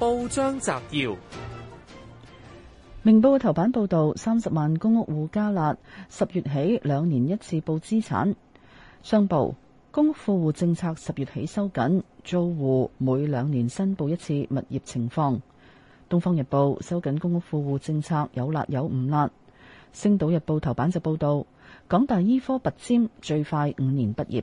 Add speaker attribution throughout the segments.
Speaker 1: 報章摘要：明報嘅頭版報道，三十萬公屋戶加辣，十月起兩年一次報資產。商報公屋富戶政策十月起收緊，租戶每兩年申報一次物業情況。東方日報收緊公屋富戶政策，有辣有唔辣。星島日報頭版就報道，港大醫科拔尖，最快五年畢業。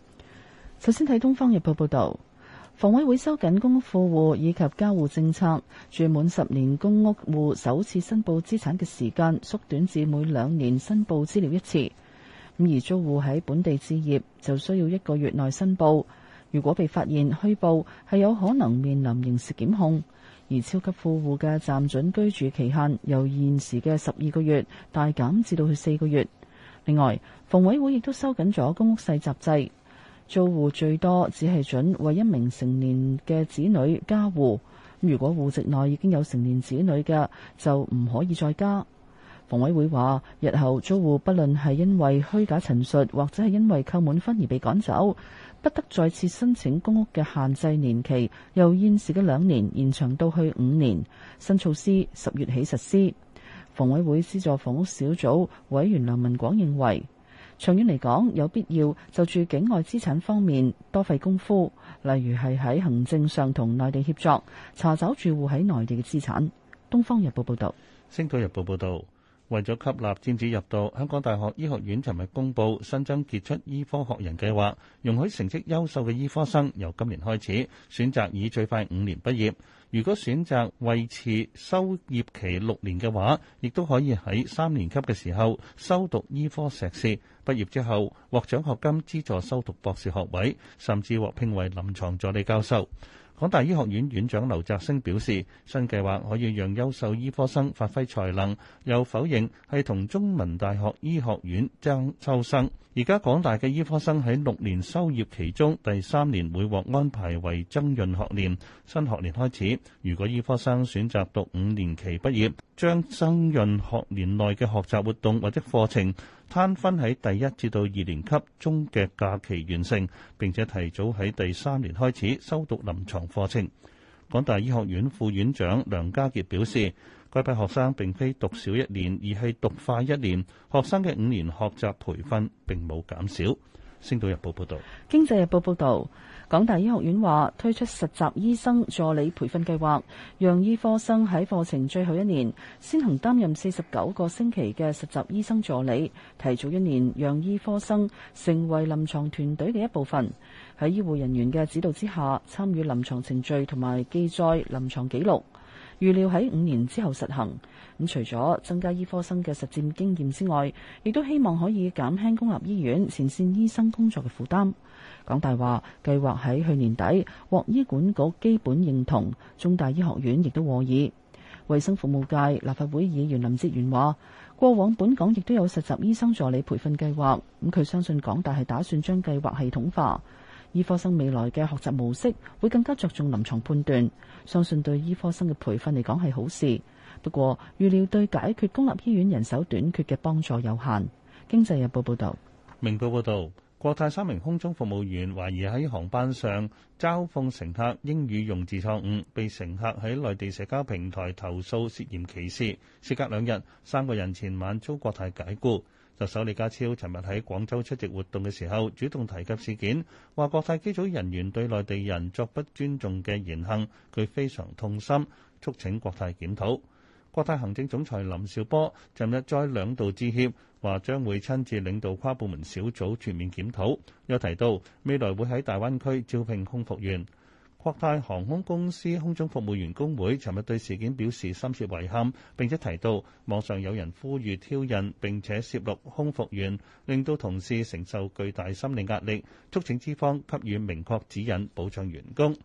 Speaker 1: 首先睇《東方日報》報道，房委會收緊公屋富戶以及交戶政策，住滿十年公屋戶首次申報資產嘅時間縮短至每兩年申報資料一次。咁而租戶喺本地置業就需要一個月內申報，如果被發現虛報，係有可能面臨刑事檢控。而超級富戶嘅暫准居住期限由現時嘅十二個月大減至到去四個月。另外，房委會亦都收緊咗公屋細集制。租戶最多只係準為一名成年嘅子女加戶，如果戶籍內已經有成年子女嘅，就唔可以再加。房委會話，日後租戶不論係因為虛假陳述或者係因為扣滿分而被趕走，不得再次申請公屋嘅限制年期，由現時嘅兩年延長到去五年。新措施十月起實施。房委會資助房屋小組委員梁文廣認為。長遠嚟講，有必要就住境外資產方面多費功夫，例如係喺行政上同內地協作，查找住戶喺內地嘅資產。《東方日報》報
Speaker 2: 道。《星島日報》報道。為咗吸納尖子入讀，香港大學醫學院尋日公佈新增傑出醫科學人計劃，容許成績優秀嘅醫科生由今年開始選擇以最快五年畢業。如果選擇維持修業期六年嘅話，亦都可以喺三年級嘅時候修讀醫科碩士，畢業之後獲獎學金資助修讀博士學位，甚至獲聘為臨床助理教授。港大醫學院院長劉澤星表示，新計劃可以讓優秀醫科生發揮才能，又否認係同中文大學醫學院爭秋生。而家港大嘅醫科生喺六年修業其中第三年會獲安排為增潤學年，新學年開始，如果醫科生選擇讀五年期畢業，將增潤學年內嘅學習活動或者課程。攤分喺第一至到二年級中嘅假期完成，並且提早喺第三年開始修讀臨床課程。港大醫學院副院長梁家傑表示，該批學生並非讀少一年，而係讀快一年。學生嘅五年學習培訓並冇減少。星島日報報道。
Speaker 1: 經濟日報報導。港大醫學院話推出實習醫生助理培訓計劃，讓醫科生喺課程最後一年先行擔任四十九個星期嘅實習醫生助理，提早一年讓醫科生成為臨床團隊嘅一部分，喺醫護人員嘅指導之下參與臨床程序同埋記載臨床記錄。預料喺五年之後實行。咁除咗增加醫科生嘅實戰經驗之外，亦都希望可以減輕公立醫院前線醫生工作嘅負擔。港大話計劃喺去年底獲醫管局基本認同，中大醫學院亦都和議。衛生服務界立法會議員林志源話，過往本港亦都有實習醫生助理培訓計劃，咁佢相信港大係打算將計劃系統化。醫科生未來嘅學習模式會更加着重臨床判斷，相信對醫科生嘅培訓嚟講係好事。不過，預料對解決公立醫院人手短缺嘅幫助有限。經濟日報報道，
Speaker 2: 明報報道。國泰三名空中服務員懷疑喺航班上嘲諷乘客英語用字錯誤，被乘客喺內地社交平台投訴涉嫌歧視。事隔兩日，三個人前晚遭國泰解僱。特首李家超尋日喺廣州出席活動嘅時候，主動提及事件，話國泰機組人員對內地人作不尊重嘅言行。佢非常痛心，促請國泰檢討。國泰行政總裁林兆波尋日再兩度致歉。話將會親自領導跨部門小組全面檢討，又提到未來會喺大灣區招聘空服員。國泰航空公司空中服務員工會尋日對事件表示深切遺憾，並且提到網上有人呼籲挑釁並且攝錄空服員，令到同事承受巨大心理壓力，促請資方給予明確指引，保障員工。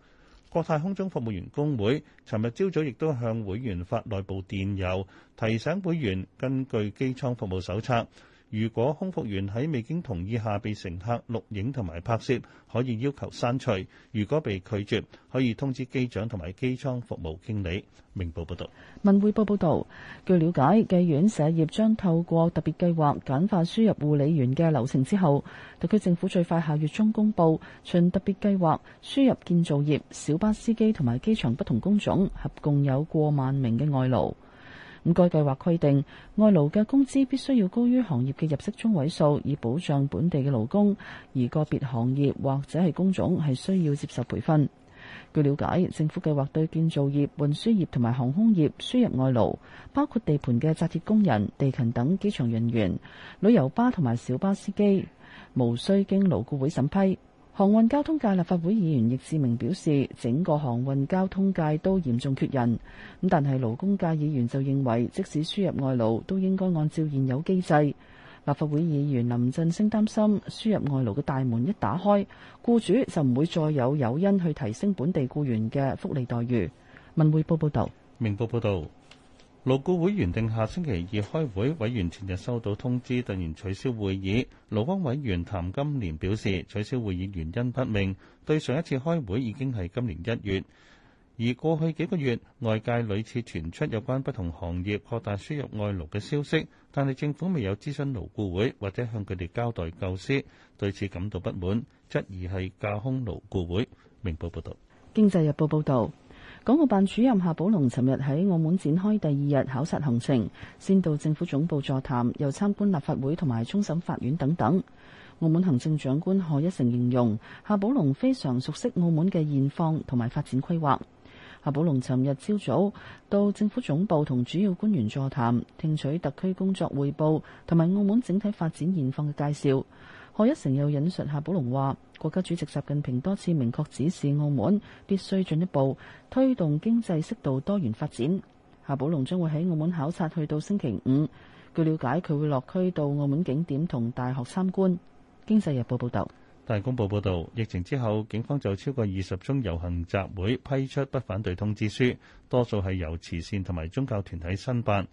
Speaker 2: 國泰空中服務員工會尋日朝早亦都向會員發內部電郵，提醒會員根據機艙服務手冊如果空服員喺未經同意下被乘客錄影同埋拍攝，可以要求刪除；如果被拒絕，可以通知機長同埋機艙服務經理。明報報道。
Speaker 1: 文匯報報道，據了解，計院社業將透過特別計劃簡化輸入護理員嘅流程之後，特區政府最快下月中公布，循特別計劃輸入建造業、小巴司機同埋機場不同工種，合共有過萬名嘅外勞。該計劃規定外勞嘅工資必須要高於行業嘅入息中位數，以保障本地嘅勞工。而個別行業或者係工種係需要接受培訓。據了解，政府計劃對建造業、運輸業同埋航空業輸入外勞，包括地盤嘅紮鐵工人、地勤等機場人員、旅遊巴同埋小巴司機，無需經勞顧會審批。航運交通界立法會議員易志明表示，整個航運交通界都嚴重缺人。咁但係勞工界議員就認為，即使輸入外勞，都應該按照現有機制。立法會議員林振昇擔心，輸入外勞嘅大門一打開，僱主就唔會再有誘因去提升本地僱員嘅福利待遇。文匯報報道，
Speaker 2: 明報報道。勞雇會原定下星期二開會，委員前日收到通知，突然取消會議。勞方委員譚金蓮表示，取消會議原因不明。對上一次開會已經係今年一月，而過去幾個月外界屢次傳出有關不同行業擴大輸入外勞嘅消息，但係政府未有諮詢勞雇會或者向佢哋交代舊事，對此感到不滿，質疑係架空勞雇會。明報報道，
Speaker 1: 《經濟日報》報道。港澳辦主任夏寶龍尋日喺澳門展開第二日考察行程，先到政府總部座談，又參觀立法會同埋終審法院等等。澳門行政長官賀一誠形容，夏寶龍非常熟悉澳門嘅現況同埋發展規劃。夏寶龍尋日朝早到政府總部同主要官員座談，聽取特區工作匯報同埋澳門整體發展現況嘅介紹。何一成又引述夏寶龍話：國家主席習近平多次明確指示，澳門必須進一步推動經濟適度多元發展。夏寶龍將會喺澳門考察，去到星期五。據了解，佢會落區到澳門景點同大學參觀。經濟日報報道。
Speaker 2: 大公報報道，疫情之後，警方就超過二十宗遊行集會批出不反對通知書，多數係由慈善同埋宗教團體申辦。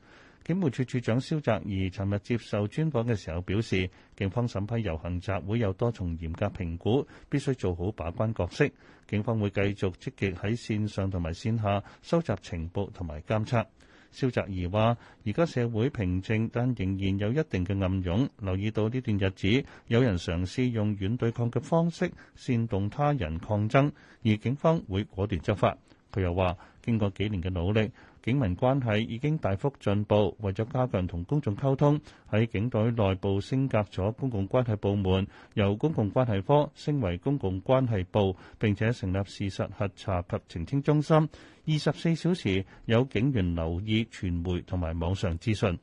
Speaker 2: 警務處處長蕭澤頤尋日接受專訪嘅時候表示，警方審批遊行集會有多重嚴格評估，必須做好把關角色。警方會繼續積極喺線上同埋線下收集情報同埋監測。蕭澤頤話：而家社會平靜，但仍然有一定嘅暗湧。留意到呢段日子，有人嘗試用軟對抗嘅方式煽動他人抗爭，而警方會果斷執法。佢又話：經過幾年嘅努力，警民關係已經大幅進步。為咗加強同公眾溝通，喺警隊內部升格咗公共關係部門，由公共關係科升為公共關係部，並且成立事實核查及澄清中心，二十四小時有警員留意傳媒同埋網上資訊。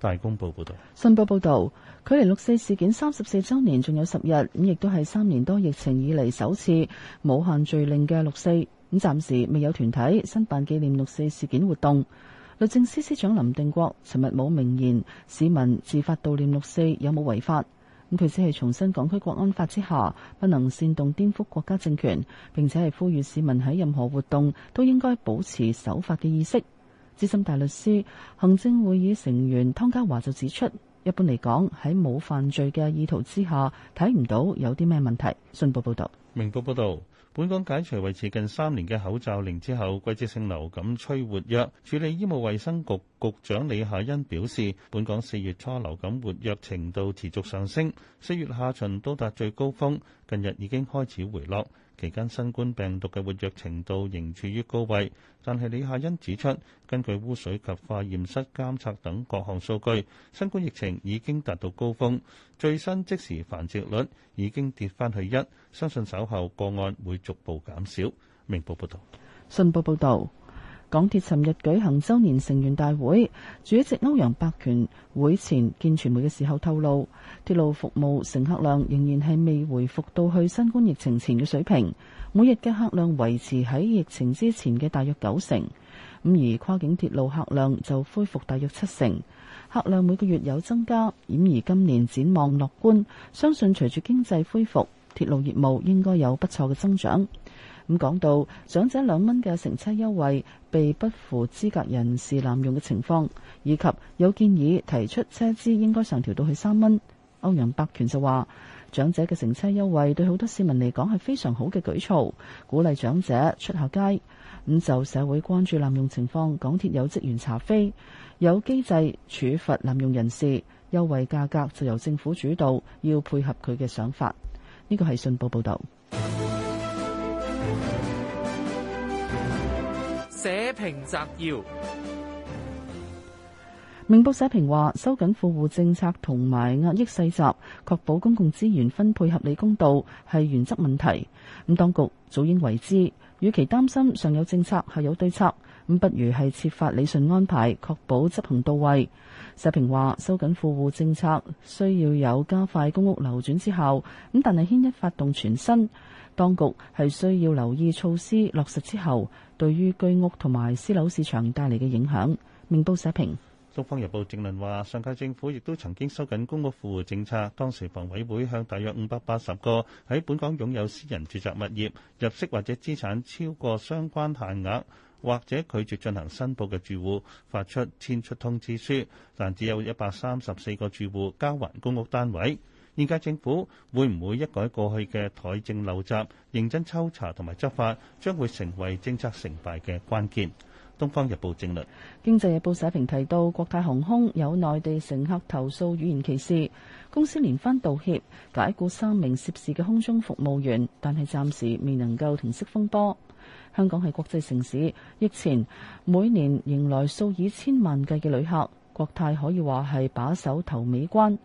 Speaker 2: 大公報報導，
Speaker 1: 信報報導，距離六四事件三十四周年仲有十日，咁亦都係三年多疫情以嚟首次無限聚令嘅六四。咁暫時未有團體申辦紀念六四事件活動。律政司司長林定國尋日冇明言市民自發悼念六四有冇違法？咁佢只係重申港區國安法之下不能煽動顛覆國家政權，並且係呼籲市民喺任何活動都應該保持守法嘅意識。資深大律師、行政會議成員湯家驊就指出，一般嚟講喺冇犯罪嘅意圖之下，睇唔到有啲咩問題。信報報道，
Speaker 2: 明報報道。本港解除維持近三年嘅口罩令之後，季節性流感趨活躍。署理醫務衛生局局長李夏茵表示，本港四月初流感活躍程度持續上升，四月下旬都達最高峰，近日已經開始回落。期間新冠病毒嘅活躍程度仍處於高位，但係李夏茵指出，根據污水及化驗室監測等各項數據，新冠疫情已經達到高峰。最新即時繁殖率已經跌返去一，相信稍後個案會逐步減少。明報報道。
Speaker 1: 信報報道。港鐵尋日舉行周年成員大會，主席歐陽伯權會前見傳媒嘅時候透露，鐵路服務乘客量仍然係未回復到去新冠疫情前嘅水平，每日嘅客量維持喺疫情之前嘅大約九成，咁而跨境鐵路客量就恢復大約七成，客量每個月有增加，顯而今年展望樂觀，相信隨住經濟恢復，鐵路業務應該有不錯嘅增長。咁講到長者兩蚊嘅乘車優惠被不符資格人士濫用嘅情況，以及有建議提出車資應該上調到去三蚊。歐陽伯權就話：長者嘅乘車優惠對好多市民嚟講係非常好嘅舉措，鼓勵長者出下街。咁就社會關注濫用情況，港鐵有職員查飛，有機制處罰濫用人士，優惠價格就由政府主導，要配合佢嘅想法。呢個係信報報導。
Speaker 2: 社評摘要：
Speaker 1: 明報社評話，收緊富戶政策同埋壓抑細集，確保公共資源分配合理公道係原則問題。咁當局早應為之，與其擔心，上有政策，下有對策。咁不如係設法理順安排，確保執行到位。社評話：收緊富戶政策需要有加快公屋流轉之後，咁但係牽一發動全身，當局係需要留意措施落實之後，對於居屋同埋私樓市場帶嚟嘅影響。明報社評，
Speaker 2: 《東方日報》政論話：上屆政府亦都曾經收緊公屋富戶政策，當時房委會向大約五百八十個喺本港擁有私人住宅物業入息或者資產超過相關限額，或者拒絕進行申報嘅住戶發出遷出通知書，但只有一百三十四個住戶交還公屋單位。現屆政府會唔會一改過去嘅怠政陋習，認真抽查同埋執法，將會成為政策成敗嘅關鍵。《東方日報》正論，
Speaker 1: 《經濟日報》社評提到，國泰航空有內地乘客投訴語言歧視，公司連番道歉，解雇三名涉事嘅空中服務員，但係暫時未能夠停息風波。香港係國際城市，疫前每年迎來數以千萬計嘅旅客，國泰可以話係把守頭尾關。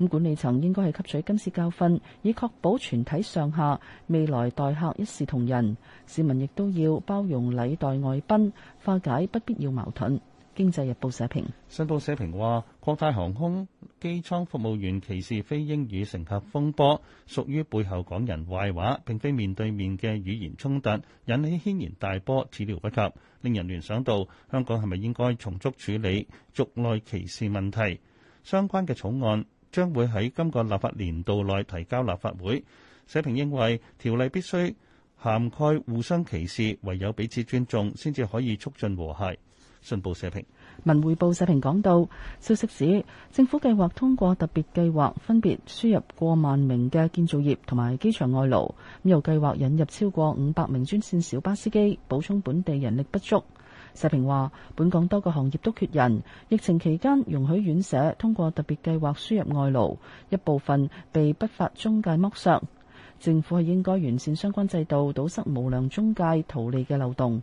Speaker 1: 咁管理層應該係吸取今次教訓，以確保全體上下未來待客一視同仁。市民亦都要包容禮待外賓，化解不必要矛盾。《經濟日報》社評，
Speaker 2: 新報社評話：國泰航空機艙服務員歧視非英語乘客風波，屬於背後講人壞話，並非面對面嘅語言衝突，引起軒然大波，始料不及，令人聯想到香港係咪應該重足處理族內歧視問題？相關嘅草案將會喺今個立法年度內提交立法會。社評認為條例必須涵蓋互相歧視，唯有彼此尊重，先至可以促進和諧。信報社評，
Speaker 1: 《文匯報》社評講到，消息指政府計劃通過特別計劃分別輸入過萬名嘅建造業同埋機場外勞，又計劃引入超過五百名專線小巴司機，補充本地人力不足。社評話，本港多個行業都缺人，疫情期間容許院舍通過特別計劃輸入外勞，一部分被不法中介剝削。政府係應該完善相關制度，堵塞無良中介圖利嘅漏洞。